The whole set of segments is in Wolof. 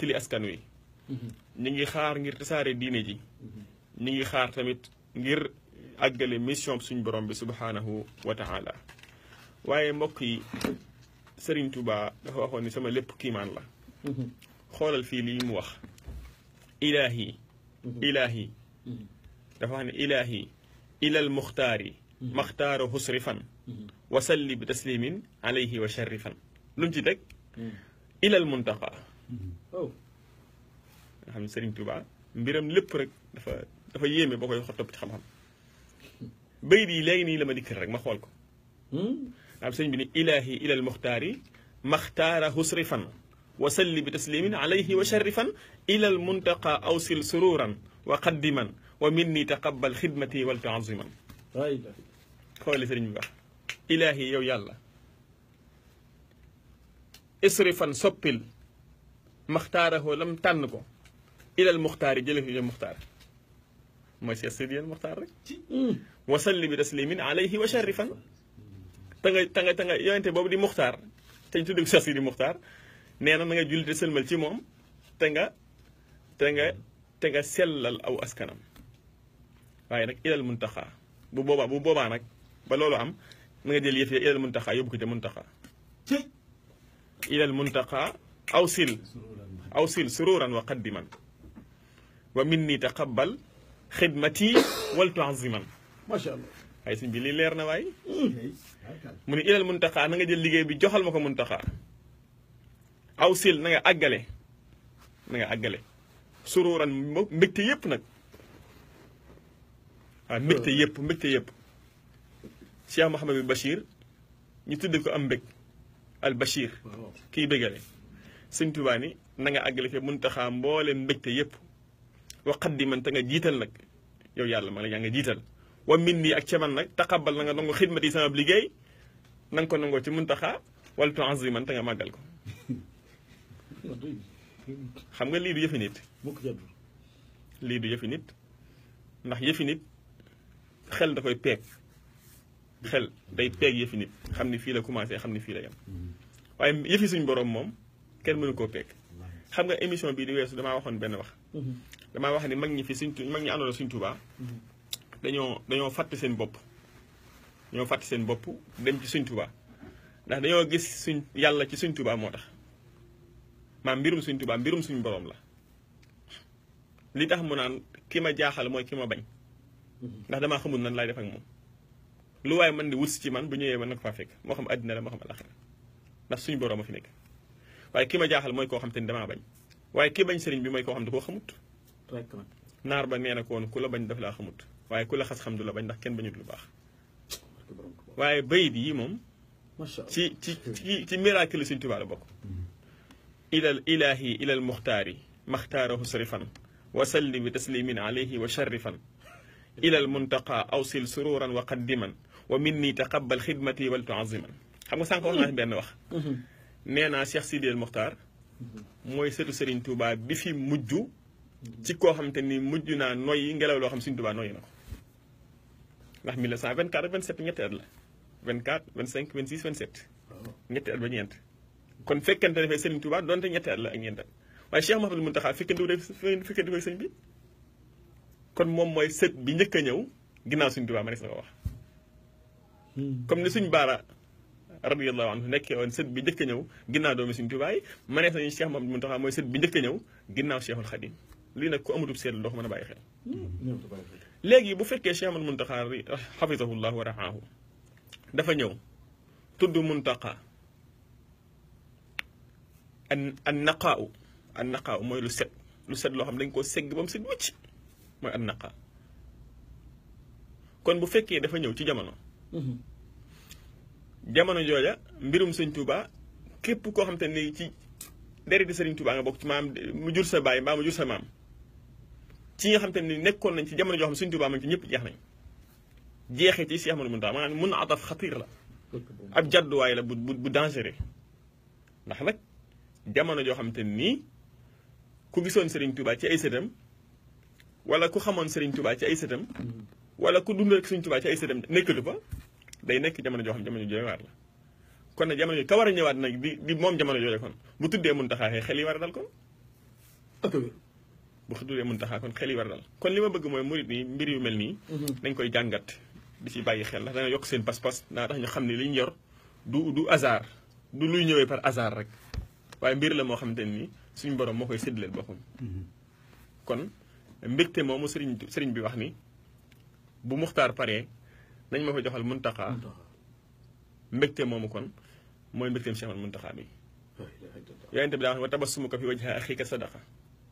tili askan wi. Mm-hmm. ñu ngi xaar ngir tasaare diine ji. Mm-hmm. ñu ngi xaar tamit ngir àggale mission suñu borom bi subhaanahu wa waaye mbokk yi Serigne Touba dafa waxoon sama lépp kiimaan la. Mm-hmm. xoolal fii lii mu wax. ilaahi. ilaahi. dafa wax ne ilaahi. ilal muxtaari. maxtaaro husrifan. wasalli bi taslimin alayhi wa sharifan. lu mu ci teg. ilal muntaqa. waaw nga xam ne mbiram lépp rek dafa dafa yéeme boo koy ci xam-xam bay di léegi nii la ma dikkal rek ma xool ko hmm? am sëñ bi ni ilahi ilal muxtaari maxtaara husrifan wa salli bi taslimin alayhi wa sharrifan ilal muntaqa awsil sururan wa qaddiman wa minni taqabbal xidmati wal taaziman xoole ilahi yow yàlla isrifan soppil maxtaarahoo lam tànn ko ilal muxtaar yi jële ko jël muxtaar mooy seet si yéen muxtaar rek wasalli bi taslimin alayhi wa sharifan ta nga ta ta nga yonente boobu di muxtaar te ñu tuddee seet nee na na nga julli te sëlmal ci moom te nga te nga te nga sellal aw askanam waaye nag ilal muntaxa bu boobaa bu boobaa nag ba loolu am na nga jël yëf ilal muntaxa yóbbu ko ca muntaxa ilal muntaxa aw sil aw sil sururan wa qaddiman wa minni taqabbal xidmati wal tuaziman macha allah ay sëñ bi lii leer na waay mu ne ilal muntaxaa na nga jël liggéey bi joxal ma ko muntaxaa awsil na nga àggale na nga àggale sururan mbégte yëpp nag waaw ah, mbégte yëpp mbégte yëpp Cheikh Mouhamadou ñu tudd ko am mbég al Bachir kiy bégale sëñ Tuubaa ni nanga nga àggale fi muntaxaa mboole mbégte yëpp wa xaddiman te nga jiital nag yow yàlla ma yaa nga jiital wa min nii ak ca man nag taqabal na nga nangu xidmat yi sama liggéey na ko nangoo ci muntaxaa wala tu aziman te nga màggal ko xam nga lii du yëfi nit lii du yëfi nit ndax yëfi nit xel da koy peeg xel day peeg yëfi nit xam ni fii la commencé xam ni fii la yem mm-hmm. waaye yëfi suñu borom moom kenn mënu koo peeg xam nga émission bii di weesu damaa waxoon benn wax. Mhm. damaa wax ni mag ñi fi suñ mag ñi àndoon na suñ Tuubaa mhm. dañoo dañoo fàtte seen bopp. ñoo fàtt seen bopp dem ci suñ Tuubaa ndax dañoo gis suñ yàlla ci suñ Tuubaa moo tax maam mbirum suñ Tuubaa mbirum suñ boroom la li tax mu naan ki ma jaaxal mooy ki ma bañ. Mhm. ndax damaa xamul nan laay def ak moom. lu waaye man di wut ci man bu ñëwee man na ko faa fekk moo xam àddina la moo xam alaxira ndax suñu boroom a fi nekk. waaye ki ma jaaxal mooy koo xam te ni damaa bañ waaye ki bañ sëriñ bi mooy koo xam ne koo xamut rek nag naar ba nee na koon ku la bañ daf laa xamut waaye ku la xas xam du la bañ ndax kenn bañut lu baax waaye bayit yi moom ci ci ci ci miracle Sëriñ Tuubaa la bokk mhm. ilal ilahi ilal muxtaari maxtaarahu sarifan wa salli bi taslimin alayhi wa sharifan ilal muntaqa awsil sururan wa qaddiman wa minni taqabbal xidmati wal tuaziman xam nga sànq wax naa mhm. benn wax mhm. nee naa Cheikh Sidil Mokhtar mooy setu sëriñ Touba bi fi mujj ci koo xam te ni mujj naa noyyi ngelaw loo xam Serigne Touba noyyi na ko ndax 1924 27 ñetti at la 24 25 26 27 ñetti at ba ñeent kon fekkente ne Serigne Touba donte ñetti at la ak ñeent at waaye Cheikh Mouhamadou Mountakha fekkente ne fekkente ne sëñ bi kon moom mooy set bi njëkk a ñëw ginnaaw suñ Touba ma ne sa ko wax hmm. comme radiallahu anhu nekkee woon sët bi njëkk a ñëw ginnaaw doomi Sëriñ Tuubaa yi manees nañu Cheikh Mamadou Mountakha mooy sët bi njëkk a ñëw ginnaaw Cheikhul Khadim lii nag ku amatub seetlu doo ko mën a bàyyi xel léegi bu fekkee Cheikh Mamadou Mountakha xafisahullah wa raahu dafa ñëw tudd Mountakha an naqaaw naqaaw mooy lu set lu set loo xam dañ koo segg ba mu set wëcc mooy an kon bu fekkee dafa ñëw ci jamono mm-hmm. jamono jooja mbirum sëñ Touba képp koo xam te ne ci dereti sëriñ Touba nga bokk ci maam mu jur sa baay mbaa mu jur sa maam ci nga xam te nii nekkoon nañ ci jamono joo xam sëñ Touba ci ñëpp jeex nañ jeexee ci Cheikh Ahmadou Mountakha maanaam mun ataf la ab jàdduwaay la bu bu dangereux ndax nag jamono joo xam te nii ku gisoon sëriñ Touba ci ay sëtam wala ku xamoon sëriñ Touba ci ay sëtam wala ku dund rek sëriñ Touba ci ay sëtam nekkatu fa day nekk jamono joo xam jamono jooy waar kon nag jamono yi ka war a ñëwaat nag di di moom jamono jooju kon bu tuddee muntaxaa xel yi war a dal kon bu tuddee muntaxaa kon xel yi war a kon li ma bëgg mooy murit nii mbir yu mel nii dañ mhm. koy jàngat di ci bàyyi xel ndax dana yokk seen pas-pas naa tax ñu xam ne liñ yor du du hasard du luy ñëwee par hasard rek waaye mbir la moo xamante ni suñu borom moo koy séddaleel boppam mhm. kon mbégte moomu sëriñ sëriñ bi wax ni bu muxtaar paree nañ ma ko joxal muntaxaa mbégte moomu kon mooy mbégteem Cheikh muntaxaa bi yonente bi daa wax suma ko fi wajhi axiika sadaqa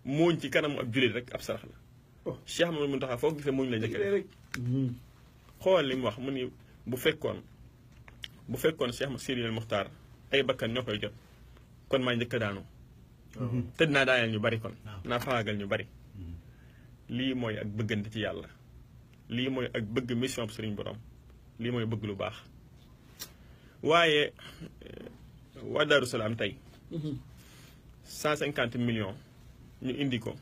muuñ ci kanamu ab jullit rek ab sarax la Cheikh oh. Mamadou muntaxaa foo gisee muuñ la njëkkee rek hmm. xool li wax mu ni bu fekkoon bu fekkoon Cheikh Siril Muxtaar ay bakkan ñoo koy jot kon maa njëkk daanu hmm. te dinaa daaneel ñu bari kon naa faagal ñu bari hmm. lii mooy ak bëggante ci yàlla lii mooy ak bëgg mission bu sëriñ borom lii mooy bëgg lu baax waaye eh, waa Daaru Salaam tey mhm. cent cinquante millions ñu indi ko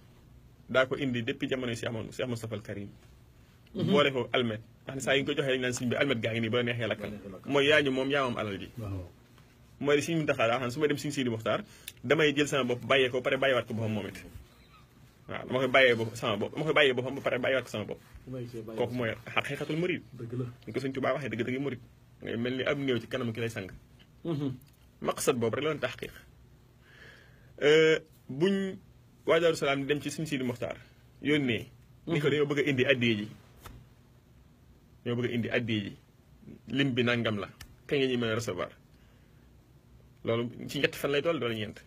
daa ko indi depuis jamono si amoon Cheikh Moustapha Al Karim mhm. boole ko almet ndax ne saa yi ko joxee dañu naan suñ bi almet gaa ngi nii ba neexee lakkal mooy yaa ñu moom yaa moom alal ji mooy di siñ Muntaxa daa xam su ma dem siñ Sidi Muxtaar damay jël sama bopp bàyyee ko pare bàyyiwaat ko boppam moom waaw dama koy bàyyee bopp sama bopp dama koy bàyyee boppam ba pare bàyyiwaat ko sama bopp kooku mooy xaqiiqatul murid ñu ko sëñ Tuubaa waxee dëgg dëgg murid ngay mel ni ab néew ci kanam mm-hmm. boobu rek la doon taxqiq buñ waa Daaru ci suñ Sidi Moxtaar yónnee ni ko mm-hmm. dañoo bëgg indi addiyee ji indi addiyee ji bi nangam la kañ nga recevoir loolu ci ñett fan lay dool doolu ñeent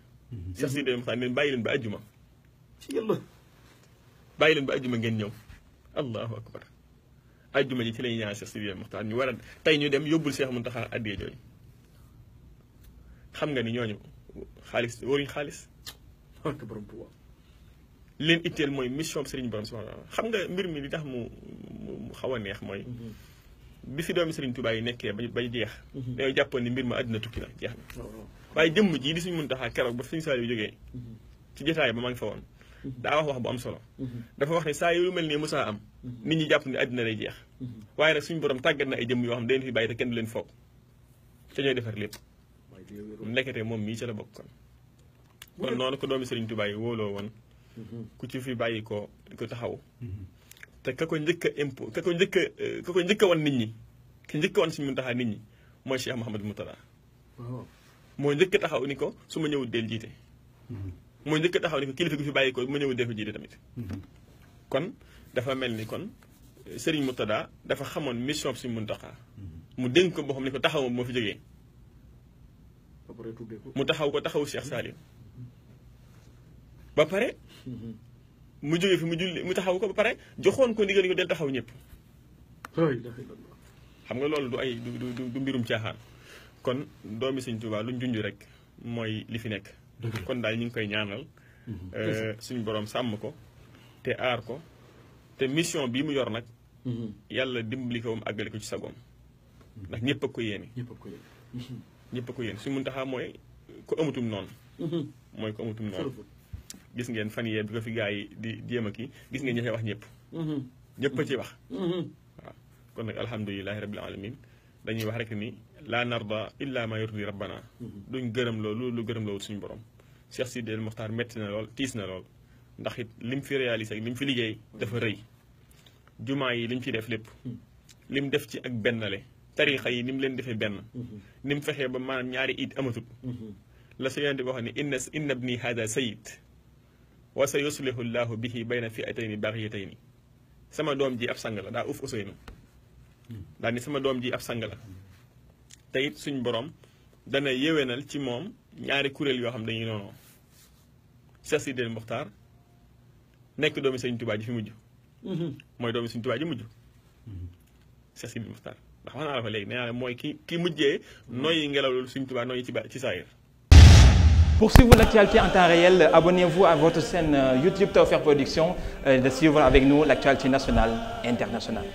sax mm-hmm. Sidi Moxtaar ne bàyyi leen ba ajjuma ci yéen bàyyi leen ba ajjuma ngeen ñëw allahu akbar ajjuma ji ci lañu ñaan Cheikh Sidi Mokhtar ñu war a tey ñu dem yóbbul Cheikh Mountakha addee jooju xam nga ni ñooñu xaalis waruñ xaalis borom leen itteel mooy mission bi sëriñ borom subhanahu wa mbir mi li tax mu mu xaw a neex mooy mm-hmm. bi fi doomi sëriñ Tuubaa yi nekkee ba ba jeex mm-hmm. dañoo jàppoon ni mbir ma àddina tukki na jeex na oh, oh. waaye jëmm jii di suñ Mountakha keroog ba suñu saal yu jógee mm-hmm. ci jotaay ba maa ngi fa woon daa wax wax bu am solo mhm. dafa wax ne saa lu mel nii musaa am mhm. nit ñi jàpp ne àddina lay jeex mhm. waaye nag suñu borom tàggat na ay jëm yoo xam dañu fi bàyyi te kenn du leen foog ca ñooy defar lépp nekkete moom mii ca la bokk kon kon noonu ko doomi Sëriñ Tuubaa yi wóoloo woon ku ci fi bàyyi ko di ko taxaw te ka ko njëkk a impo ka ko njëkk a ka ko njëkk wan nit ñi ki njëkk a wan suñu mun taxaa nit ñi mooy Cheikh Mouhamadou Moutala moo njëkk taxaw ni ko su ma ñëwul del jiite mooy njëkk taxaw ni ko kilifa gi fi bàyyi ko ma ñëw def jiite tamit. Mhm. kon dafa mel ni kon sëriñ Serigne Moutada dafa xamoon mission bi suñu Muntaxa mu dénk ko boo xam ne ko taxaw moom moo fi jógee. mu taxaw ko taxaw Cheikh Salim. Mhm. ba pare. Mhm. mu jógee fi mu julli mu taxaw ko ba pare joxoon ko ndigal ko del taxaw ñëpp. xam nga loolu du ay du du mbirum caaxaan kon doomi Sëñ Tuubaa luñ junj rek mooy li fi nekk. kon daal ñu ngi koy ñaanal. Mhm. Euh, suñu borom sàmm ko te aar ko te mission bii mu yor nag. Mhm. yàlla dimbali ko mu àggale ko ci sagoom ndax ñëpp a ko yéene. ñëpp a ko yéene. Mhm. mooy ko amatum noonu. mooy ko amatum noonu. gis ngeen fan yee bi ko fi gars yi di jéem a kii gis ngeen ña wax ñëpp. ñëpp a ci wax. waaw kon nag alhamdulilahi rabbil alamin dañuy wax rek nii laa narda illa ma yurdi rabbana duñ gërëm loolu lu gërëm loolu suñu borom Cheikh Sidi El Mokhtar métti na lool tiis na lool ndax it lim fi réalisé ak lim fi liggéey dafa rëy jumaa yi lim fi def lépp lim def ci ak bennale tarixa yi ni mu leen defee benn ni mu fexee ba maanaam ñaari it amatut la sa yonente boo xam ne inna inna bni hada sayid wa sa yuslihu llahu bihi bayna fi atayni baxiyatayni sama doom ji ab sang la daa uf useynu daa ni sama doom ji ab sang la te it suñ borom dana yéwénal ci moom ñaari kuréel yoo xam dañuy noonu Cheikh Sidil Mokhtar nekk doomi Sëñ Tuubaa ji fi mujj mhm. mooy doomi Sëñ Tuubaa ji mujj mhm. Cheikh Sidil Mokhtar ndax wax naa la fa léegi nee naa la mooy ki ki mujjee noyyi ngelaw loolu Sëñ Tuubaa noyyi ci ba ci saayir Pour suivre l'actualité en temps réel, abonnez-vous à votre chaîne euh, YouTube Tawfekh Production euh, et de suivre avec nous l'actualité nationale et internationale.